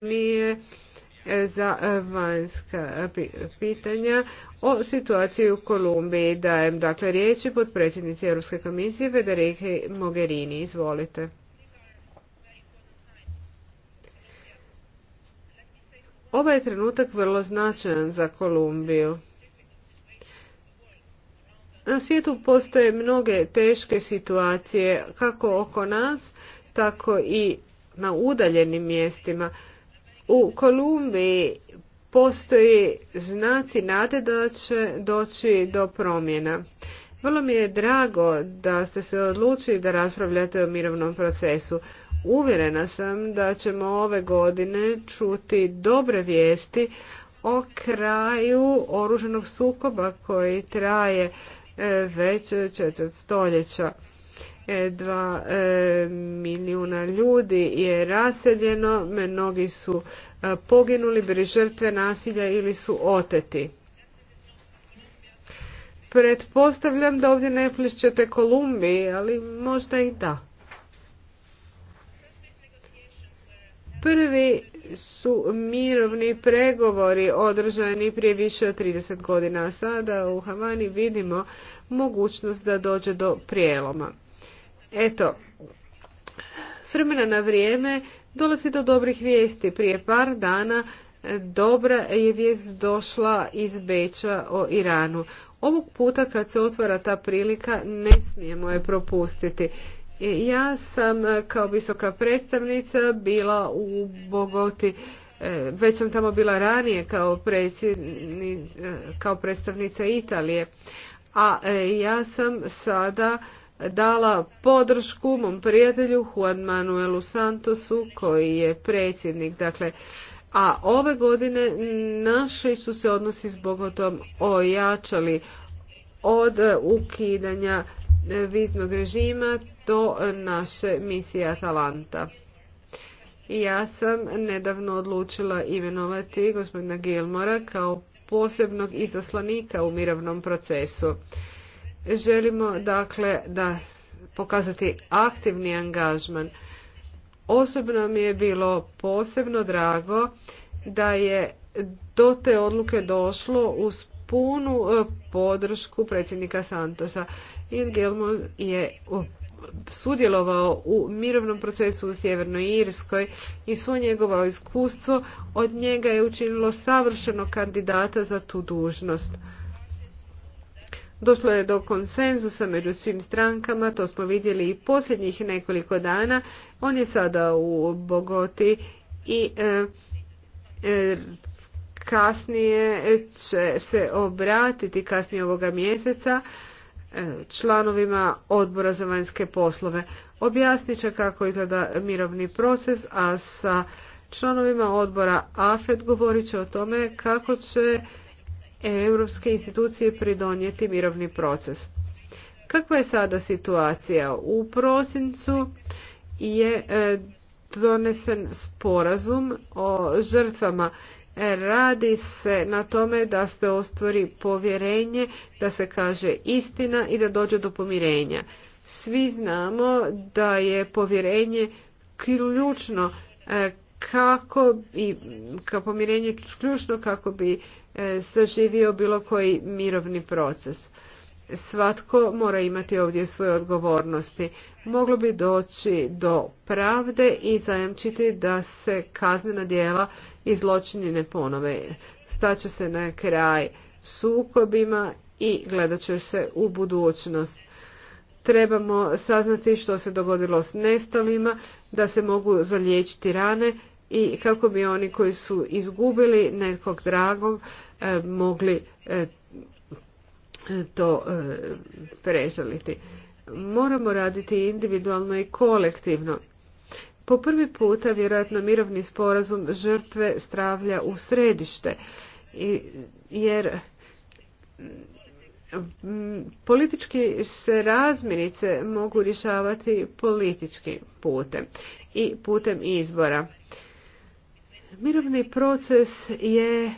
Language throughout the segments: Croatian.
Nije e, za e, vanjska e, pitanja o situaciji u Kolumbiji. Dajem dakle riječi pod predsjednici Europske komisije Federike Mogherini. Izvolite. Ovaj je trenutak vrlo značajan za Kolumbiju. Na svijetu postoje mnoge teške situacije kako oko nas, tako i na udaljenim mjestima. U Kolumbiji postoji znaci nade da će doći do promjena. Vrlo mi je drago da ste se odlučili da raspravljate o mirovnom procesu. Uvjerena sam da ćemo ove godine čuti dobre vijesti o kraju oruženog sukoba koji traje e, već četvrt stoljeća dva e, milijuna ljudi je raseljeno, mnogi su e, poginuli, bili žrtve nasilja ili su oteti. Pretpostavljam da ovdje ne plišćete Kolumbiji, ali možda i da. Prvi su mirovni pregovori održani prije više od 30 godina, a sada u Havani vidimo mogućnost da dođe do prijeloma. Eto, s vremena na vrijeme dolazi do dobrih vijesti. Prije par dana dobra je vijest došla iz Beča o Iranu. Ovog puta kad se otvara ta prilika ne smijemo je propustiti. Ja sam e, kao visoka predstavnica bila u Bogoti, e, već sam tamo bila ranije kao, e, kao predstavnica Italije, a ja sam sada dala podršku mom prijatelju Juan Manuelu Santosu koji je predsjednik. Dakle, a ove godine naši su se odnosi zbog Bogotom ojačali od e, ukidanja e, viznog režima do naše misije Atalanta. Ja sam nedavno odlučila imenovati gospodina Gilmora kao posebnog izaslanika u mirovnom procesu. Želimo dakle da pokazati aktivni angažman. Osobno mi je bilo posebno drago da je do te odluke došlo uz punu e, podršku predsjednika Santosa. Ian Gilmour je sudjelovao u mirovnom procesu u Sjevernoj Irskoj i svo njegovo iskustvo od njega je učinilo savršeno kandidata za tu dužnost. Došlo je do konsenzusa među svim strankama, to smo vidjeli i posljednjih nekoliko dana. On je sada u Bogoti i e, e, kasnije će se obratiti kasnije ovoga mjeseca e, članovima odbora za vanjske poslove. Objasnit će kako izgleda mirovni proces, a sa članovima odbora AFED govorit će o tome kako će europske institucije pridonijeti mirovni proces. Kakva je sada situacija? U prosincu je e, donesen sporazum o žrtvama. E, radi se na tome da se ostvari povjerenje, da se kaže istina i da dođe do pomirenja. Svi znamo da je povjerenje ključno e, kako i kao pomirenje ključno kako bi e, saživio bilo koji mirovni proces. Svatko mora imati ovdje svoje odgovornosti. Moglo bi doći do pravde i zajamčiti da se kaznena djela i zločini ne ponove. Staće se na kraj sukobima i gledat će se u budućnost trebamo saznati što se dogodilo s nestalima, da se mogu zaliječiti rane i kako bi oni koji su izgubili nekog dragog e, mogli e, to e, prežaliti. Moramo raditi individualno i kolektivno. Po prvi puta vjerojatno mirovni sporazum žrtve stravlja u središte jer politički se razmirice mogu rješavati politički putem i putem izbora. Mirovni proces je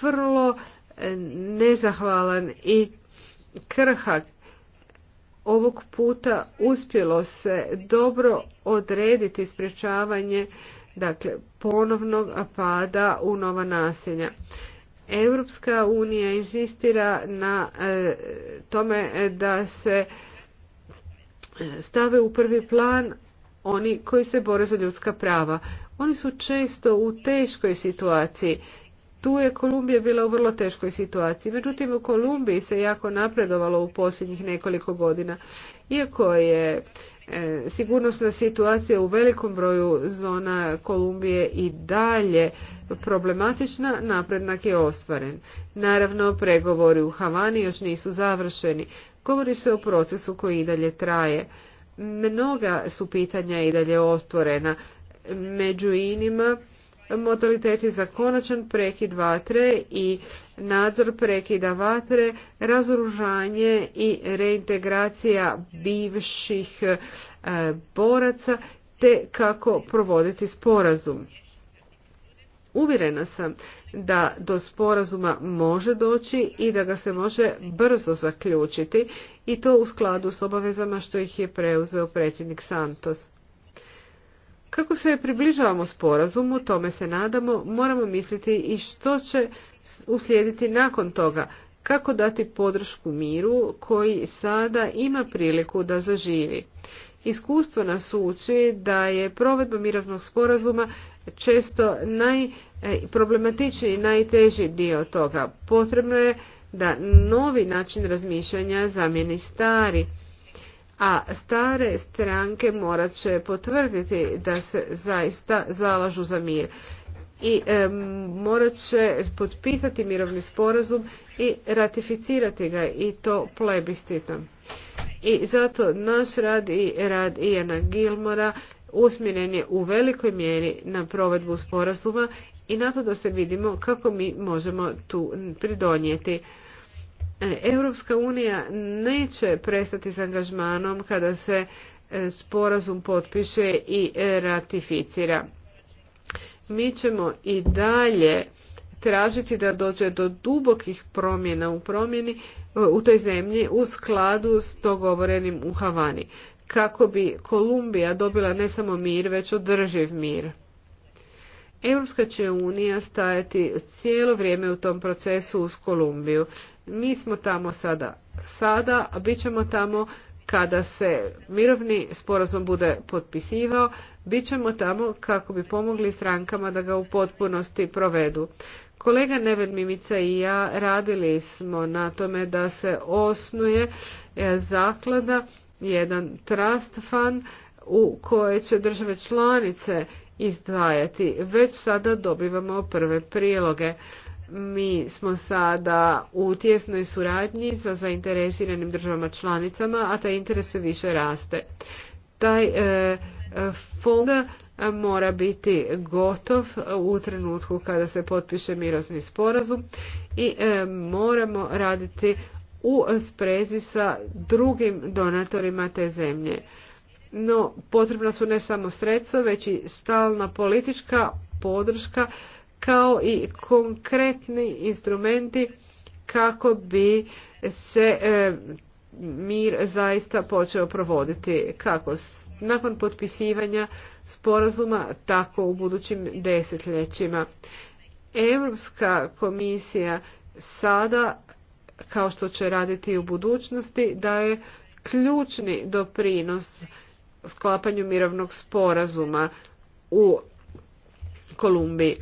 vrlo e, nezahvalan i krhak. Ovog puta uspjelo se dobro odrediti sprječavanje dakle, ponovnog pada u nova naselja. Europska unija insistira na e, tome da se stave u prvi plan oni koji se bore za ljudska prava. Oni su često u teškoj situaciji. Tu je Kolumbija bila u vrlo teškoj situaciji. Međutim, u Kolumbiji se jako napredovalo u posljednjih nekoliko godina. Iako je e, sigurnosna situacija u velikom broju zona Kolumbije i dalje problematična, naprednak je ostvaren. Naravno, pregovori u Havani još nisu završeni. Govori se o procesu koji i dalje traje. Mnoga su pitanja i dalje otvorena. Među inima modaliteti za konačan prekid vatre i nadzor prekida vatre, razoružanje i reintegracija bivših eh, boraca te kako provoditi sporazum. Uvjerena sam da do sporazuma može doći i da ga se može brzo zaključiti i to u skladu s obavezama što ih je preuzeo predsjednik Santos. Kako se približavamo sporazumu, tome se nadamo, moramo misliti i što će uslijediti nakon toga, kako dati podršku miru koji sada ima priliku da zaživi. Iskustvo nas uči da je provedba mirovnog sporazuma često najproblematičniji, e, najteži dio toga. Potrebno je da novi način razmišljanja zamijeni stari, a stare stranke morat će potvrditi da se zaista zalažu za mir i e, morat će potpisati mirovni sporazum i ratificirati ga i to plebiscitom. I zato naš rad i rad Iana Gilmora usmjeren je u velikoj mjeri na provedbu sporazuma i na to da se vidimo kako mi možemo tu pridonijeti. E, Europska unija neće prestati s angažmanom kada se e, sporazum potpiše i e, ratificira. Mi ćemo i dalje tražiti da dođe do dubokih promjena u promjeni u toj zemlji u skladu s dogovorenim u Havani kako bi Kolumbija dobila ne samo mir, već održiv mir. Europska će unija stajati cijelo vrijeme u tom procesu uz Kolumbiju. Mi smo tamo sada, sada, a bit ćemo tamo kada se mirovni sporazum bude potpisivao, bit ćemo tamo kako bi pomogli strankama da ga u potpunosti provedu. Kolega Neven Mimica i ja radili smo na tome da se osnuje e, zaklada jedan trust fund u koje će države članice izdvajati. Već sada dobivamo prve priloge. Mi smo sada u tjesnoj suradnji sa zainteresiranim državama članicama, a taj interes sve više raste. Taj e, fond mora biti gotov u trenutku kada se potpiše mirovni sporazum i e, moramo raditi u sprezi sa drugim donatorima te zemlje. No, potrebna su ne samo sredstva, već i stalna politička podrška kao i konkretni instrumenti kako bi se e, mir zaista počeo provoditi kako nakon potpisivanja sporazuma, tako u budućim desetljećima. Europska komisija sada kao što će raditi i u budućnosti, daje ključni doprinos sklapanju mirovnog sporazuma u Kolumbiji.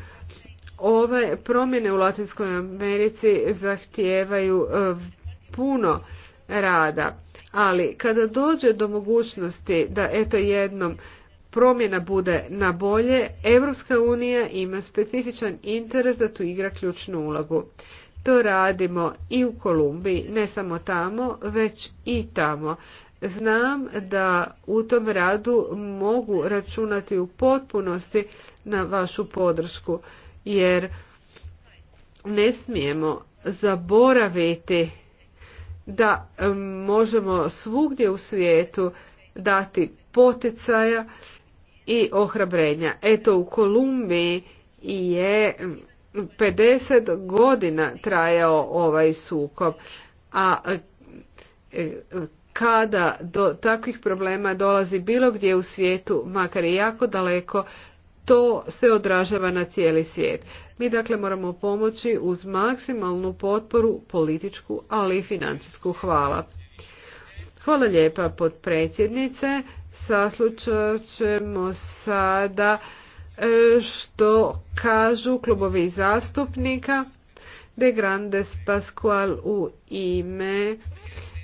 Ove promjene u Latinskoj Americi zahtijevaju e, puno rada, ali kada dođe do mogućnosti da eto jednom promjena bude na bolje, Europska unija ima specifičan interes da tu igra ključnu ulogu. To radimo i u Kolumbiji, ne samo tamo, već i tamo. Znam da u tom radu mogu računati u potpunosti na vašu podršku, jer ne smijemo zaboraviti da možemo svugdje u svijetu dati poticaja i ohrabrenja. Eto u Kolumbiji je 50 godina trajao ovaj sukob, a e, kada do takvih problema dolazi bilo gdje u svijetu, makar i jako daleko, to se odražava na cijeli svijet. Mi dakle moramo pomoći uz maksimalnu potporu političku, ali i financijsku. Hvala. Hvala lijepa potpredsjednice. Saslučat ćemo sada E, što kažu klubovi zastupnika. De Grandes Pascual u ime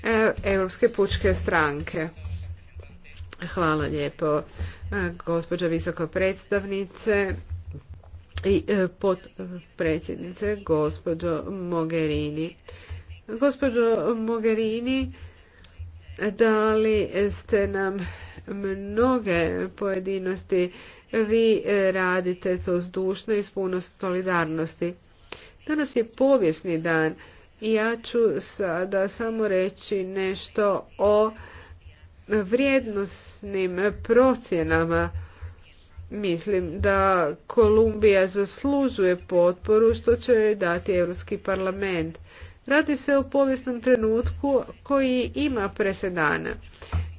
e, Europske pučke stranke. Hvala lijepo, e, gospođa visoko predstavnice i potpredsjednice, gospođo Mogherini. Gospođo Mogherini, dali ste nam mnoge pojedinosti vi e, radite to zdušno i s puno solidarnosti. Danas je povijesni dan i ja ću sada samo reći nešto o vrijednostnim procjenama. Mislim da Kolumbija zaslužuje potporu što će joj dati Europski parlament. Radi se o povijesnom trenutku koji ima presedana.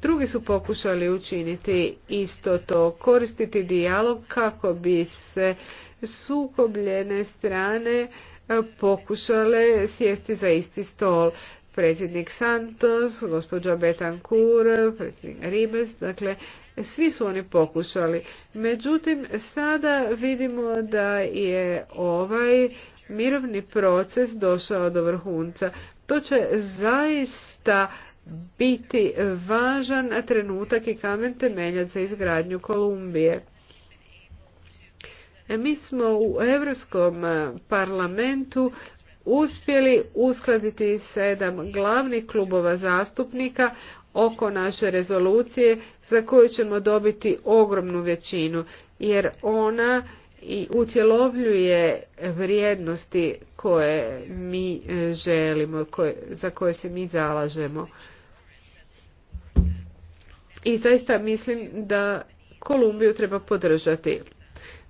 Drugi su pokušali učiniti isto to, koristiti dijalog kako bi se sukobljene strane e, pokušale sjesti za isti stol. Predsjednik Santos, gospođa Betancur, predsjednik Ribes, dakle svi su oni pokušali. Međutim, sada vidimo da je ovaj mirovni proces došao do vrhunca. To će zaista biti važan trenutak i kamen temeljac za izgradnju Kolumbije. E, mi smo u Europskom e, parlamentu uspjeli uskladiti sedam glavnih klubova zastupnika oko naše rezolucije za koju ćemo dobiti ogromnu većinu jer ona i utjelovljuje vrijednosti koje mi e, želimo, za koje se mi zalažemo i zaista mislim da Kolumbiju treba podržati.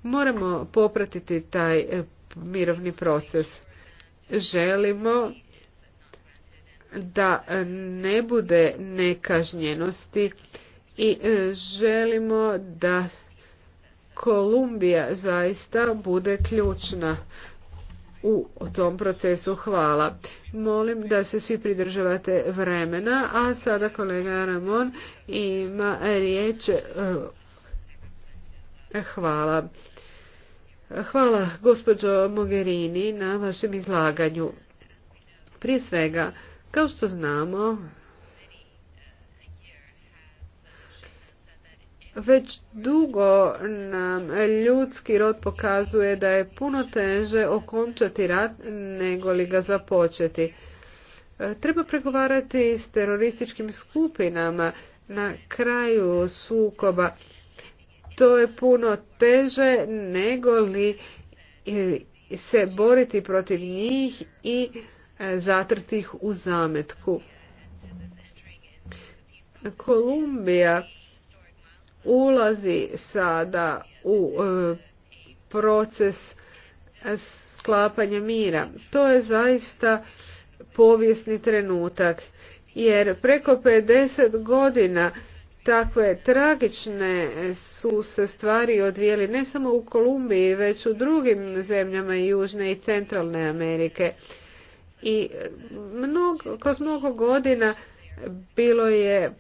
Moramo popratiti taj e, mirovni proces. Želimo da e, ne bude nekažnjenosti i e, želimo da Kolumbija zaista bude ključna u tom procesu. Hvala. Molim da se svi pridržavate vremena, a sada kolega Ramon ima riječ. E, hvala. Hvala gospođo Mogherini na vašem izlaganju. Prije svega, kao što znamo, Već dugo nam ljudski rod pokazuje da je puno teže okončati rat nego li ga započeti. E, treba pregovarati s terorističkim skupinama na kraju sukoba. To je puno teže nego li se boriti protiv njih i e, ih u zametku. Kolumbija ulazi sada u e, proces sklapanja mira. To je zaista povijesni trenutak jer preko 50 godina takve tragične su se stvari odvijeli ne samo u Kolumbiji već u drugim zemljama Južne i Centralne Amerike. I kroz mnogo godina bilo je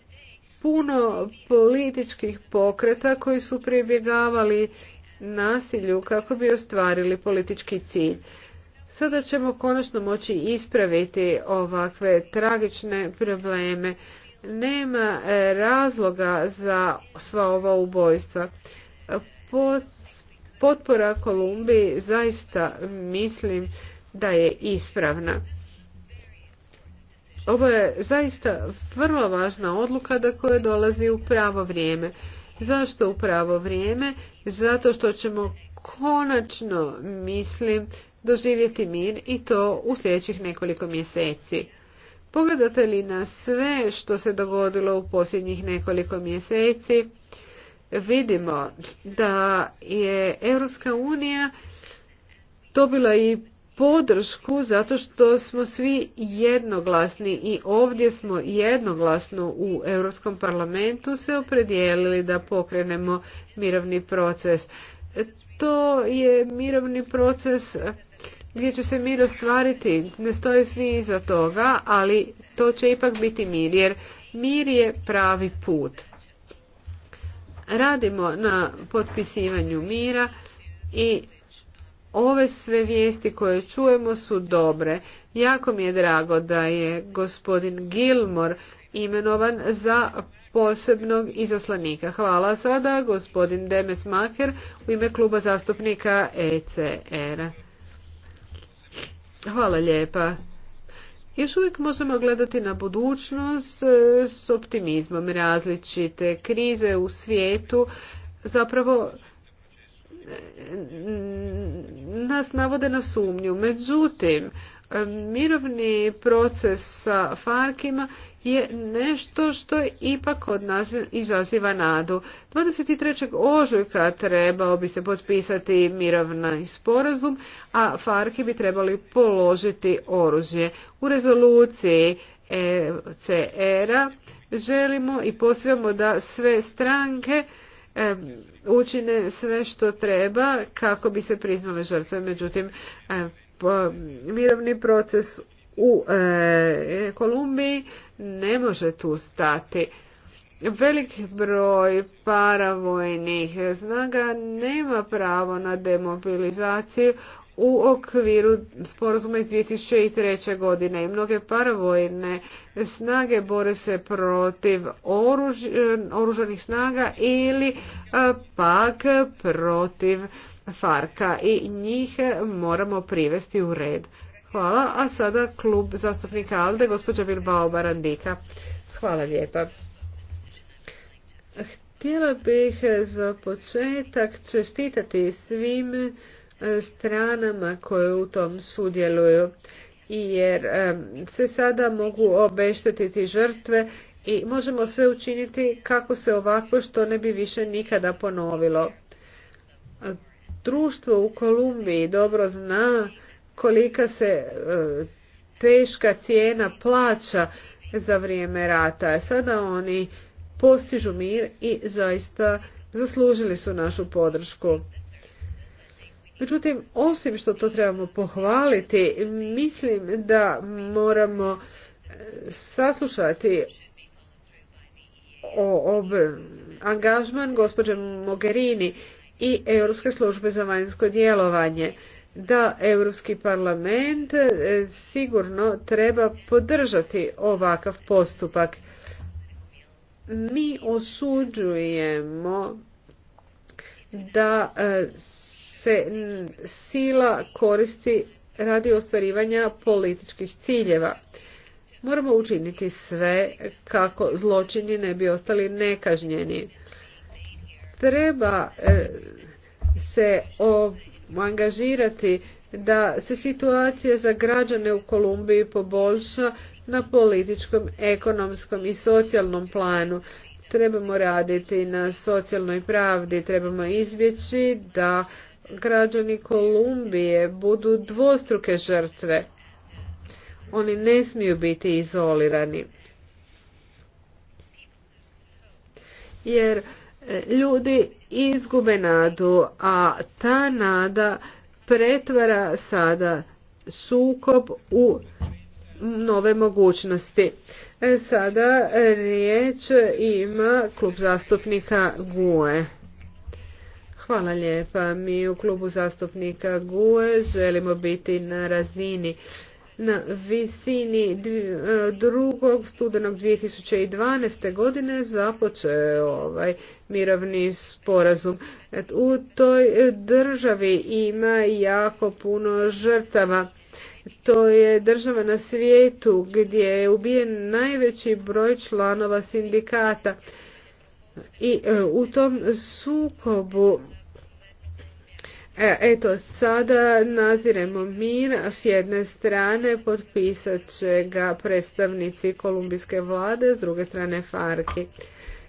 puno političkih pokreta koji su pribjegavali nasilju kako bi ostvarili politički cilj. Sada ćemo konačno moći ispraviti ovakve tragične probleme. Nema e, razloga za sva ova ubojstva. Potpora Kolumbiji zaista mislim da je ispravna. Ovo je zaista vrlo važna odluka da koje dolazi u pravo vrijeme. Zašto u pravo vrijeme? Zato što ćemo konačno, mislim, doživjeti mir i to u sljedećih nekoliko mjeseci. Pogledate li na sve što se dogodilo u posljednjih nekoliko mjeseci, vidimo da je Europska unija dobila i podršku zato što smo svi jednoglasni i ovdje smo jednoglasno u Europskom parlamentu se opredijelili da pokrenemo mirovni proces. To je mirovni proces gdje će se mir ostvariti. Ne stoje svi iza toga, ali to će ipak biti mir, jer mir je pravi put. Radimo na potpisivanju mira i Ove sve vijesti koje čujemo su dobre. Jako mi je drago da je gospodin Gilmor imenovan za posebnog izaslanika. Hvala sada gospodin Demes Maker u ime kluba zastupnika ECR. Hvala lijepa. Još uvijek možemo gledati na budućnost e, s optimizmom različite krize u svijetu zapravo nas navode na sumnju. Međutim, mirovni proces sa Farkima je nešto što ipak od nas izaziva nadu. 23. ožujka trebao bi se potpisati mirovni sporazum, a Farki bi trebali položiti oružje. U rezoluciji e CR-a želimo i posvijamo da sve stranke E, učine sve što treba kako bi se priznale žrtve. Međutim, e, mirovni proces u e, Kolumbiji ne može tu stati. Velik broj paravojnih snaga nema pravo na demobilizaciju u okviru sporazuma iz 2003. godine i mnoge paravojne snage bore se protiv oružanih snaga ili e, pak protiv Farka i njih moramo privesti u red. Hvala, a sada klub zastupnika Alde, gospođa Bilbao Barandika. Hvala lijepa. Htjela bih za početak čestitati svim E, stranama koje u tom sudjeluju jer e, se sada mogu obeštetiti žrtve i možemo sve učiniti kako se ovako što ne bi više nikada ponovilo. Društvo u Kolumbiji dobro zna kolika se e, teška cijena plaća za vrijeme rata. Sada oni postižu mir i zaista zaslužili su našu podršku. Međutim, osim što to trebamo pohvaliti, mislim da moramo e, saslušati o, angažman gospođe Mogherini i Europske službe za vanjsko djelovanje da Europski parlament e, sigurno treba podržati ovakav postupak. Mi osuđujemo da e, se sila koristi radi ostvarivanja političkih ciljeva. Moramo učiniti sve kako zločini ne bi ostali nekažnjeni. Treba e, se angažirati da se situacija za građane u Kolumbiji poboljša na političkom, ekonomskom i socijalnom planu. Trebamo raditi na socijalnoj pravdi, trebamo izbjeći da građani Kolumbije budu dvostruke žrtve. Oni ne smiju biti izolirani. Jer e, ljudi izgube nadu, a ta nada pretvara sada sukob u nove mogućnosti. E, sada riječ ima klub zastupnika GUE. Hvala lijepa. Mi u klubu zastupnika GUE želimo biti na razini na visini e, drugog studenog 2012. godine započeo ovaj mirovni sporazum. u toj državi ima jako puno žrtava. To je država na svijetu gdje je ubijen najveći broj članova sindikata. I e, u tom sukobu E, eto, sada naziremo mir. S jedne strane potpisat će ga predstavnici kolumbijske vlade, s druge strane Farki.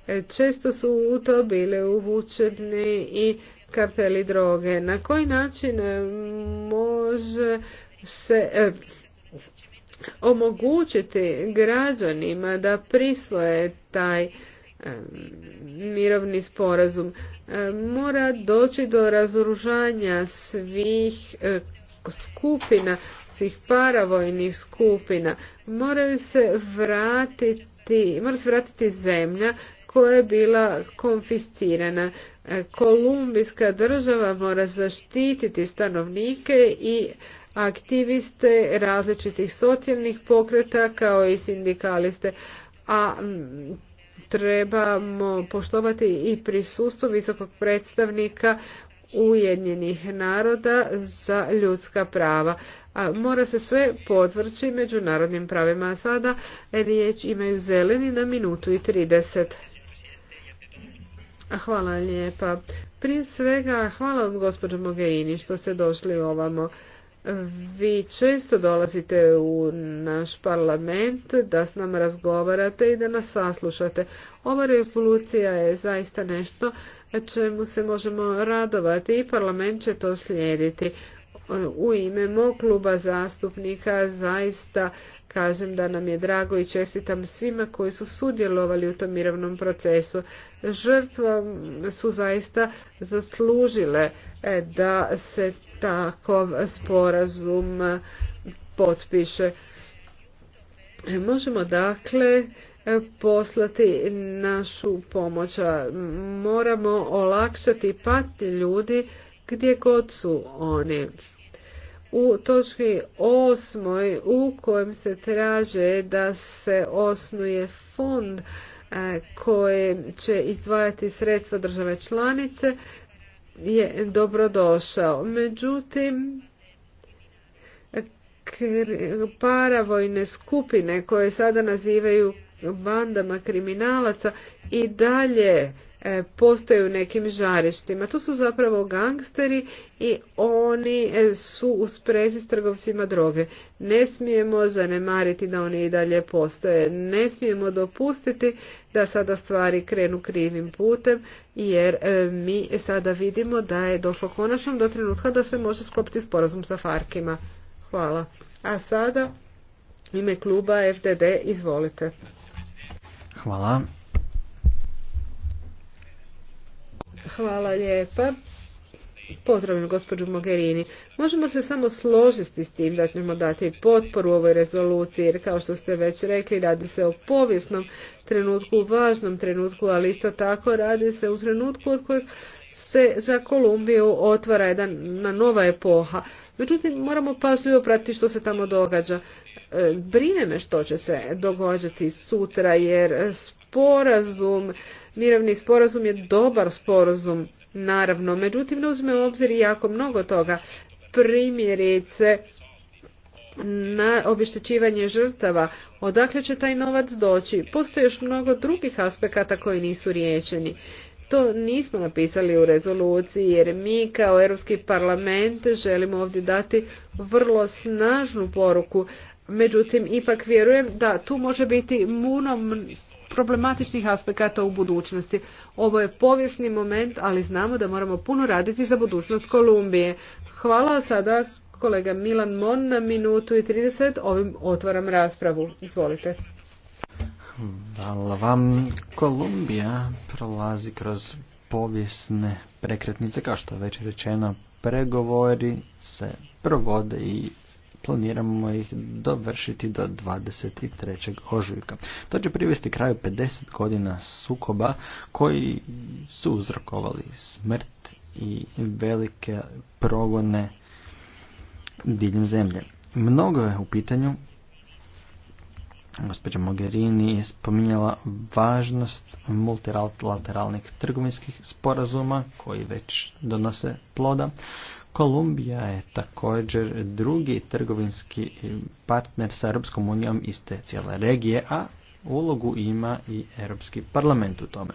E, često su u to bile uvučeni i karteli droge. Na koji način e, može se omogućiti građanima da prisvoje taj mirovni sporazum. Mora doći do razoružanja svih e, skupina, svih paravojnih skupina. Moraju se vratiti, mora se vratiti zemlja koja je bila konfiscirana. E, Kolumbijska država mora zaštititi stanovnike i aktiviste različitih socijalnih pokreta kao i sindikaliste. A trebamo poštovati i prisustvo visokog predstavnika Ujedinjenih naroda za ljudska prava. A mora se sve podvrći međunarodnim pravima. A sada riječ imaju zeleni na minutu i 30. Hvala lijepa. Prije svega, hvala vam gospođo Mogherini što ste došli ovamo vi često dolazite u naš parlament da s nama razgovarate i da nas saslušate. Ova rezolucija je zaista nešto čemu se možemo radovati i parlament će to slijediti. U ime mog kluba zastupnika zaista kažem da nam je drago i čestitam svima koji su sudjelovali u tom mirovnom procesu. Žrtva su zaista zaslužile e, da se takav sporazum potpiše. Možemo dakle e, poslati našu pomoć. Moramo olakšati pati ljudi gdje god su oni. U točki osmoj u kojem se traže da se osnuje fond e, koje će izdvajati sredstva države članice je dobrodošao. Međutim, paravojne skupine koje sada nazivaju bandama kriminalaca i dalje E, postoje u nekim žarištima. To su zapravo gangsteri i oni e, su u sprezi s trgovcima droge. Ne smijemo zanemariti da oni i dalje postoje. Ne smijemo dopustiti da sada stvari krenu krivim putem jer e, mi sada vidimo da je došlo konačno do trenutka da se može sklopiti sporazum sa Farkima. Hvala. A sada ime kluba FDD izvolite. Hvala. Hvala lijepa. Pozdravljam gospođu Mogherini. Možemo se samo složiti s tim da ćemo dati potporu ovoj rezoluciji, jer kao što ste već rekli, radi se o povijesnom trenutku, važnom trenutku, ali isto tako radi se u trenutku od kojeg se za Kolumbiju otvara jedna na nova epoha. Međutim, moramo pažljivo pratiti što se tamo događa. E, brine me što će se događati sutra, jer sporazum, mirovni sporazum je dobar sporazum, naravno, međutim ne uzme u obzir jako mnogo toga. Primjerice, na obeštećivanje žrtava, odakle će taj novac doći. Postoje još mnogo drugih aspekata koji nisu riješeni. To nismo napisali u rezoluciji jer mi kao Europski parlament želimo ovdje dati vrlo snažnu poruku. Međutim, ipak vjerujem da tu može biti munom problematičnih aspekata u budućnosti. Ovo je povijesni moment, ali znamo da moramo puno raditi za budućnost Kolumbije. Hvala sada kolega Milan Mon na minutu i 30. Ovim otvaram raspravu. Izvolite. Hvala vam. Kolumbija prolazi kroz povijesne prekretnice, kao što je već rečeno, pregovori se provode i planiramo ih dovršiti do 23. ožujka. To će privesti kraju 50 godina sukoba koji su uzrokovali smrt i velike progone diljem zemlje. Mnogo je u pitanju, gospođa Mogherini je spominjala važnost multilateralnih trgovinskih sporazuma koji već donose ploda, Kolumbija je također drugi trgovinski partner sa Europskom unijom te cijele regije, a ulogu ima i Europski parlament u tome.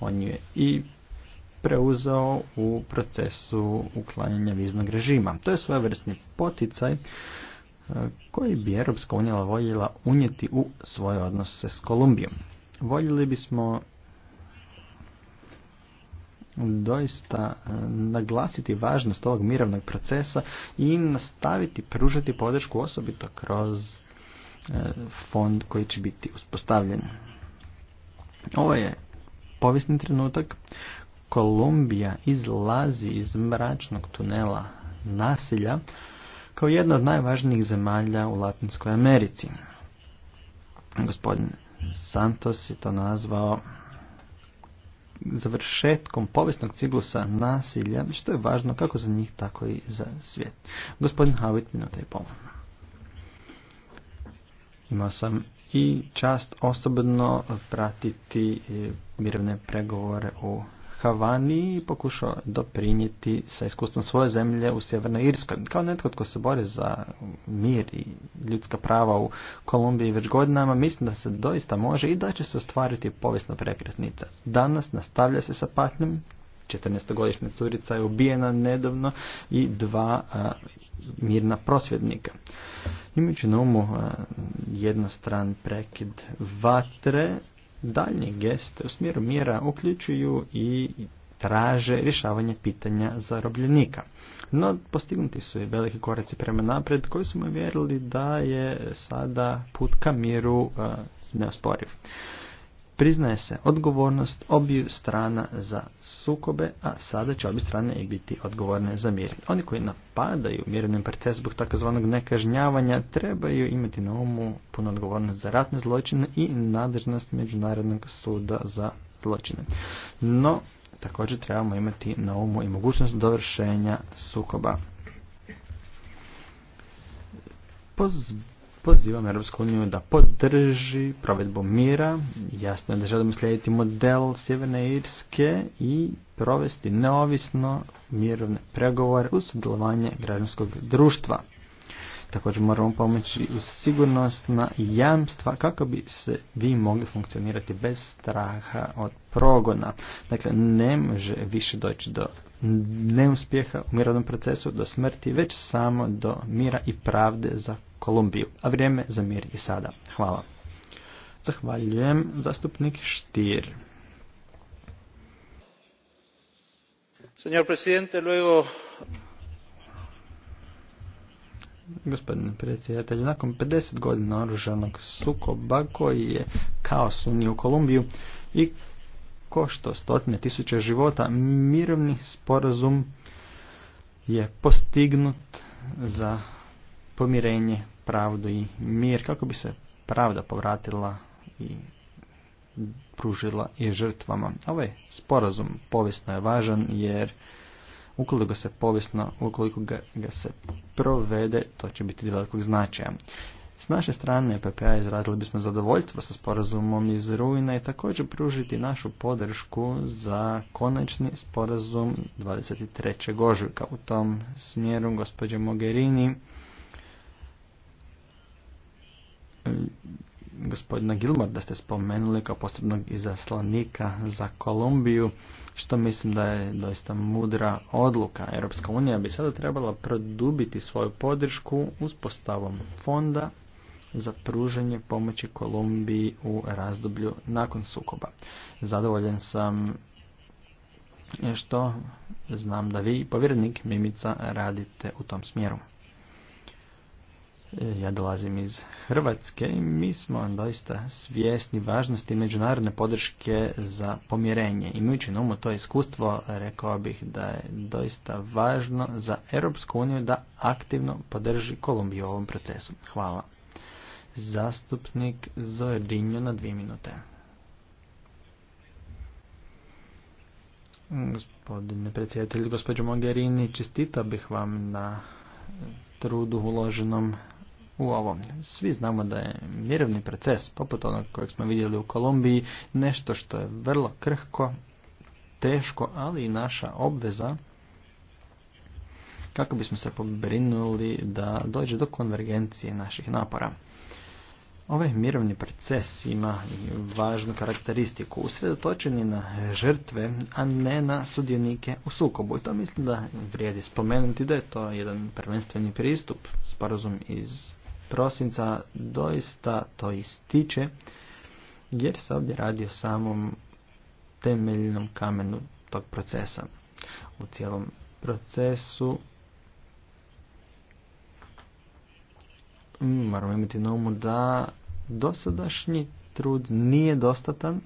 On je i preuzeo u procesu uklanjanja viznog režima. To je svojevrsni poticaj e, koji bi Europska unija voljela unijeti u svoje odnose s Kolumbijom. Voljeli bismo doista e, naglasiti važnost ovog mirovnog procesa i nastaviti pružati podršku osobito kroz e, fond koji će biti uspostavljen. Ovo je povijesni trenutak. Kolumbija izlazi iz mračnog tunela nasilja kao jedna od najvažnijih zemalja u Latinskoj Americi. Gospodin Santos je to nazvao završetkom povijesnog ciklusa nasilja, što je važno kako za njih, tako i za svijet. Gospodin Havit, minuta i pol. Imao sam i čast osobno pratiti eh, mirovne pregovore u Havani pokušao doprinijeti sa iskustvom svoje zemlje u Sjevernoj Irskoj. Kao netko tko se bori za mir i ljudska prava u Kolumbiji već godinama, mislim da se doista može i da će se ostvariti povijesna prekretnica. Danas nastavlja se sa patnjem 14-godišnja curica je ubijena nedavno i dva mirna prosvjednika. Imajući na umu a, jednostran prekid vatre, daljnje geste u smjeru mira uključuju i traže rješavanje pitanja zarobljenika. No, postignuti su i veliki koraci prema naprijed koji su vjerili da je sada put ka miru e, neosporiv priznaje se odgovornost obiju strana za sukobe, a sada će obje strane i biti odgovorne za mir. Oni koji napadaju mirni proces zbog takozvanog nekažnjavanja trebaju imati na umu puno odgovornost za ratne zločine i nadležnost Međunarodnog suda za zločine. No, također trebamo imati na umu i mogućnost dovršenja sukoba. Pozbog pozivam Europsku uniju da podrži provedbu mira. Jasno je da želimo slijediti model Sjeverne Irske i provesti neovisno mirovne pregovore uz sudjelovanje građanskog društva. Također moramo pomoći u sigurnosna jamstva kako bi se vi mogli funkcionirati bez straha od progona. Dakle, ne može više doći do neuspjeha u mirovnom procesu, do smrti, već samo do mira i pravde za Kolumbiju. A vrijeme za mir i sada. Hvala. Zahvaljujem zastupnik Štir. Senjor presidente, luego... Gospodine predsjedatelju, nakon 50 godina oružanog sukoba koji je kaos unio u Kolumbiju i košto stotine tisuća života, mirovni sporazum je postignut za pomirenje, pravdu i mir kako bi se pravda povratila i pružila i žrtvama. Ovaj sporazum povijesno je važan jer ukoliko se povijesno, ukoliko ga, ga se provede, to će biti velikog značaja. S naše strane PPA izrazili bismo zadovoljstvo sa sporazumom iz Rujna i također pružiti našu podršku za konačni sporazum 23. ožujka. U tom smjeru gospođe Mogherini E, gospodina Gilmar da ste spomenuli kao posebnog izaslanika za Kolumbiju, što mislim da je doista mudra odluka. Europska unija bi sada trebala produbiti svoju podršku uspostavom fonda za pružanje pomoći Kolumbiji u razdoblju nakon sukoba. Zadovoljan sam što znam da vi, povjerenik Mimica, radite u tom smjeru. Ja dolazim iz Hrvatske i mi smo doista svjesni važnosti međunarodne podrške za pomjerenje. Imajući na umu to iskustvo, rekao bih da je doista važno za Europsku uniju da aktivno podrži Kolumbiju ovom procesu. Hvala. Zastupnik Zorinjo na dvije minute. Gospodine predsjedatelju, gospođo Mogherini, čestita bih vam na trudu uloženom u ovo, Svi znamo da je mirovni proces, poput onog kojeg smo vidjeli u Kolumbiji, nešto što je vrlo krhko, teško, ali i naša obveza kako bismo se pobrinuli da dođe do konvergencije naših napora. Ovaj mirovni proces ima važnu karakteristiku, Usredotočeni na žrtve, a ne na sudionike u sukobu. I to mislim da vrijedi spomenuti da je to jedan prvenstveni pristup, sporazum iz prosinca doista to ističe, jer se ovdje radi o samom temeljnom kamenu tog procesa. U cijelom procesu moramo imati na umu da dosadašnji trud nije dostatan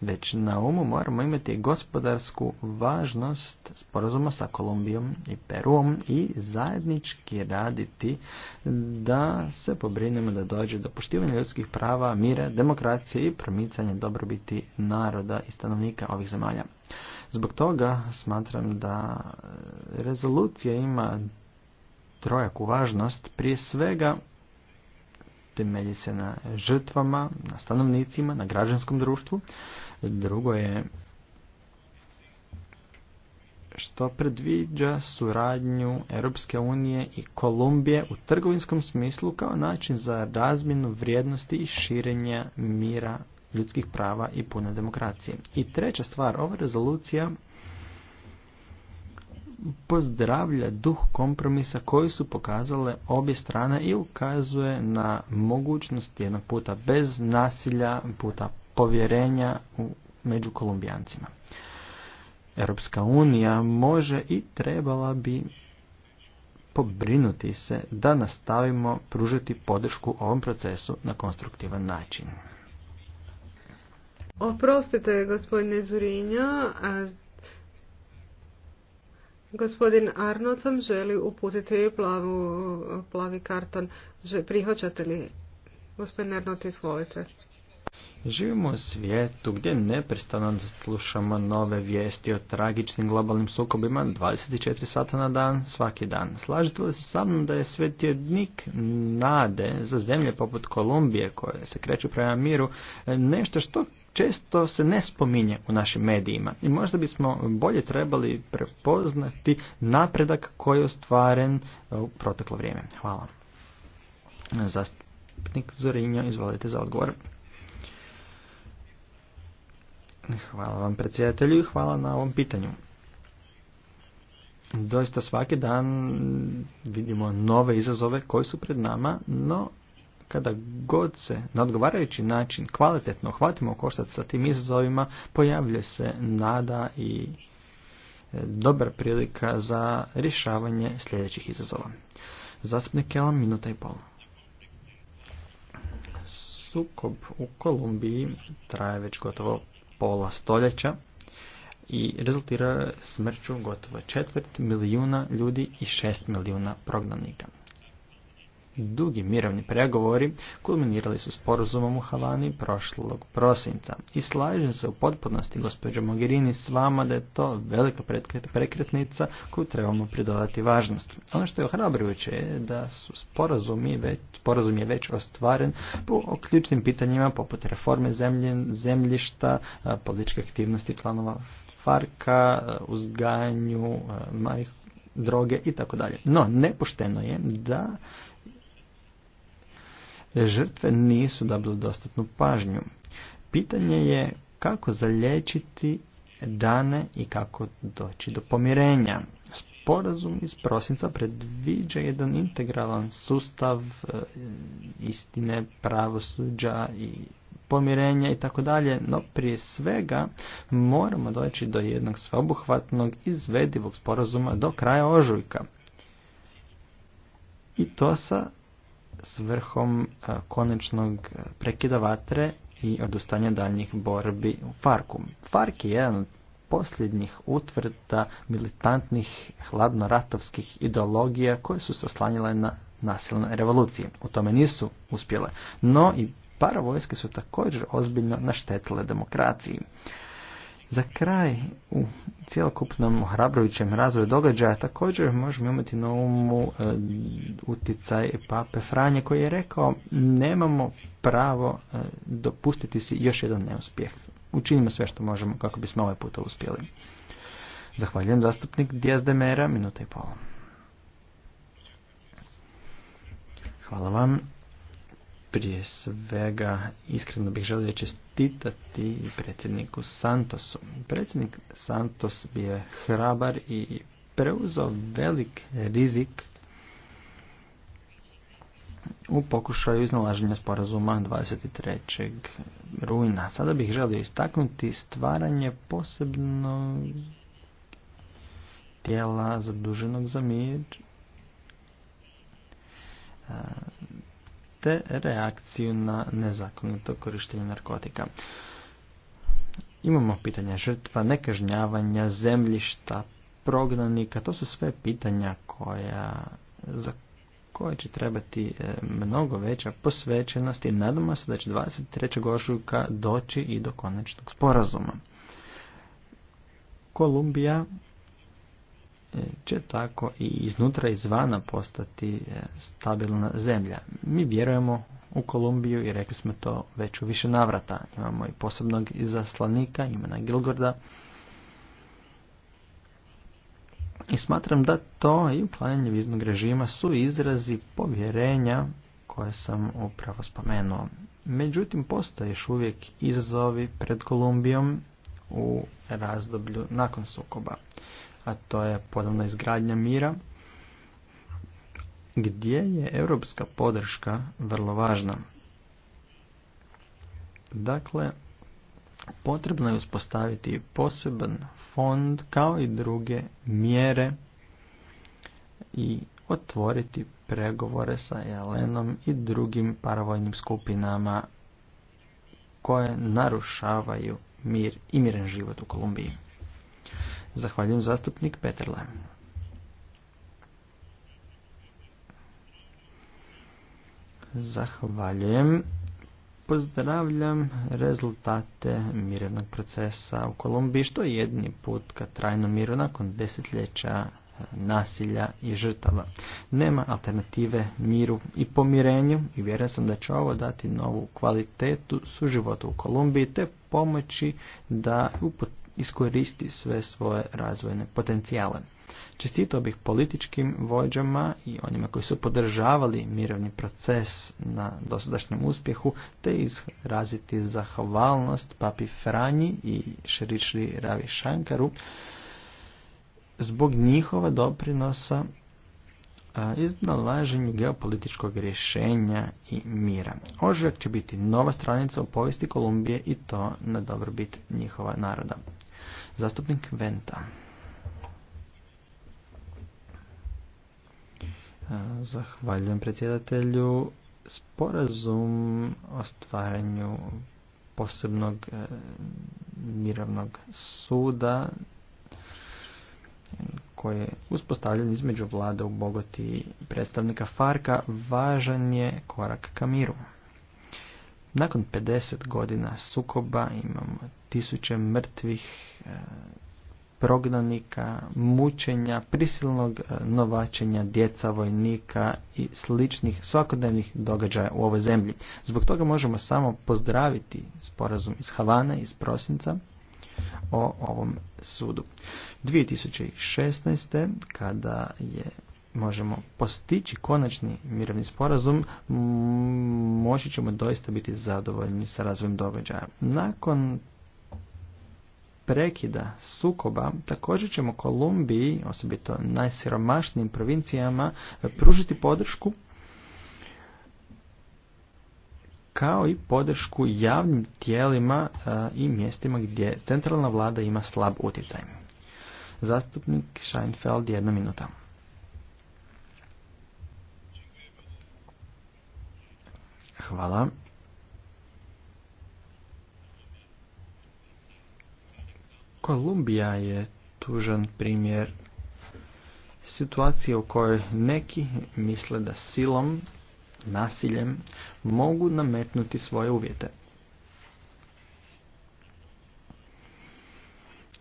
već na umu moramo imati gospodarsku važnost sporazuma sa Kolumbijom i Peruom i zajednički raditi da se pobrinemo da dođe do poštivanja ljudskih prava, mira, demokracije i promicanja dobrobiti naroda i stanovnika ovih zemalja. Zbog toga smatram da rezolucija ima trojaku važnost, prije svega temelji se na žrtvama, na stanovnicima, na građanskom društvu. Drugo je što predviđa suradnju Europske unije i Kolumbije u trgovinskom smislu kao način za razmjenu vrijednosti i širenja mira ljudskih prava i pune demokracije. I treća stvar, ova rezolucija pozdravlja duh kompromisa koji su pokazale obje strane i ukazuje na mogućnost jednog puta bez nasilja, puta povjerenja među kolumbijancima. Europska unija može i trebala bi pobrinuti se da nastavimo pružiti podršku ovom procesu na konstruktivan način. Oprostite, gospodine Zurinja, Gospodin Arnold vam želi uputiti plavi karton. Prihoćate li? Gospodin Arnold, izvolite. Živimo u svijetu gdje neprestano slušamo nove vijesti o tragičnim globalnim sukobima 24 sata na dan, svaki dan. Slažete li se sa mnom da je tjednik nade za zemlje poput Kolumbije koje se kreću prema miru nešto što često se ne spominje u našim medijima i možda bismo bolje trebali prepoznati napredak koji je ostvaren e, u proteklo vrijeme. Hvala. Zastupnik Zorinjo, izvolite za odgovor. Hvala vam predsjedatelju i hvala na ovom pitanju. Doista svaki dan vidimo nove izazove koji su pred nama, no kada god se na odgovarajući način kvalitetno hvatimo koštac sa tim izazovima, pojavljuje se nada i e, dobra prilika za rješavanje sljedećih izazova. Zastupnik Kelam, minuta i pol. Sukob u Kolumbiji traje već gotovo pola stoljeća i rezultira smrću gotovo četvrt milijuna ljudi i šest milijuna prognanika dugi mirovni pregovori kulminirali su sporazumom u Havani prošlog prosinca. I slažem se u potpunosti, gospođo Mogherini, s vama da je to velika prekretnica koju trebamo pridodati važnost. Ono što je ohrabrujuće je da su sporazumi već, sporazum je već ostvaren po ključnim pitanjima poput reforme zemljišta, političke aktivnosti članova Farka, uzgajanju droge i tako dalje. No, nepošteno je da žrtve nisu dobili dostatnu pažnju. Pitanje je kako zalječiti dane i kako doći do pomirenja. Sporazum iz prosinca predviđa jedan integralan sustav e, istine, pravosuđa i pomirenja i tako dalje, no prije svega moramo doći do jednog sveobuhvatnog izvedivog sporazuma do kraja ožujka. I to sa s vrhom e, konačnog prekida vatre i odustanja daljnjih borbi u Farku. Fark je jedan od posljednjih utvrda militantnih hladnoratovskih ideologija koje su se oslanjile na nasilne revolucije. U tome nisu uspjele, no i paravojske su također ozbiljno naštetile demokraciji. Za kraj, u cijelokupnom hrabrovićem razvoju događaja također možemo imati na umu e, utjecaj pape Franje koji je rekao nemamo pravo e, dopustiti si još jedan neuspjeh. Učinimo sve što možemo kako bismo ovaj puta uspjeli. Zahvaljujem zastupnik Dijaz Mera, minuta i pola. Hvala vam. Prije svega, iskreno bih želio čestitati predsjedniku Santosu. Predsjednik Santos bi je hrabar i preuzeo velik rizik u pokušaju iznalaženja sporazuma 23. rujna. Sada bih želio istaknuti stvaranje posebno tijela zaduženog za mir te reakciju na nezakonito korištenje narkotika. Imamo pitanja žrtva, nekažnjavanja, zemljišta, prognanika, to su sve pitanja koja, za koje će trebati e, mnogo veća posvećenost i nadamo se da će 23. ožujka doći i do konačnog sporazuma. Kolumbija E, će tako i iznutra izvana postati e, stabilna zemlja. Mi vjerujemo u Kolumbiju i rekli smo to već u više navrata. Imamo i posebnog izaslanika imena Gilgorda. I smatram da to i uklanjanje viznog režima su izrazi povjerenja koje sam upravo spomenuo. Međutim, postoje još uvijek izazovi pred Kolumbijom u razdoblju nakon sukoba a to je ponovna izgradnja mira, gdje je europska podrška vrlo važna. Dakle, potrebno je uspostaviti poseban fond kao i druge mjere i otvoriti pregovore sa Jelenom i drugim paravojnim skupinama koje narušavaju mir i miren život u Kolumbiji. Zahvaljujem zastupnik Peterle. Zahvaljujem. Pozdravljam rezultate mirnog procesa u Kolumbiji, što je jedni put ka trajno miru nakon desetljeća nasilja i žrtava. Nema alternative miru i pomirenju i vjerujem sam da će ovo dati novu kvalitetu suživota u Kolumbiji te pomoći da iskoristi sve svoje razvojne potencijale. Čestitao bih političkim vođama i onima koji su podržavali mirovni proces na dosadašnjem uspjehu, te izraziti zahvalnost papi Franji i Šerišri Ravi Šankaru zbog njihova doprinosa iznalaženju geopolitičkog rješenja i mira. Ožujak će biti nova stranica u povijesti Kolumbije i to na dobrobit njihova naroda. Zastupnik Venta. Zahvaljujem predsjedatelju. Sporazum o stvaranju posebnog e, mirovnog suda koje je uspostavljen između vlade u Bogoti i predstavnika Farka važan je korak ka miru. Nakon 50 godina sukoba imamo tisuće mrtvih, e, prognanika, mučenja, prisilnog e, novačenja djeca, vojnika i sličnih svakodnevnih događaja u ovoj zemlji. Zbog toga možemo samo pozdraviti sporazum iz Havane iz prosinca o ovom sudu. 2016. kada je možemo postići konačni mirovni sporazum, moći ćemo doista biti zadovoljni sa razvojem događaja. Nakon prekida sukoba, također ćemo Kolumbiji, osobito najsiromašnijim provincijama, pružiti podršku kao i podršku javnim tijelima e, i mjestima gdje centralna vlada ima slab utjecaj. Zastupnik Scheinfeld, jedna minuta. Hvala. Kolumbija je tužan primjer situacije u kojoj neki misle da silom, nasiljem mogu nametnuti svoje uvjete.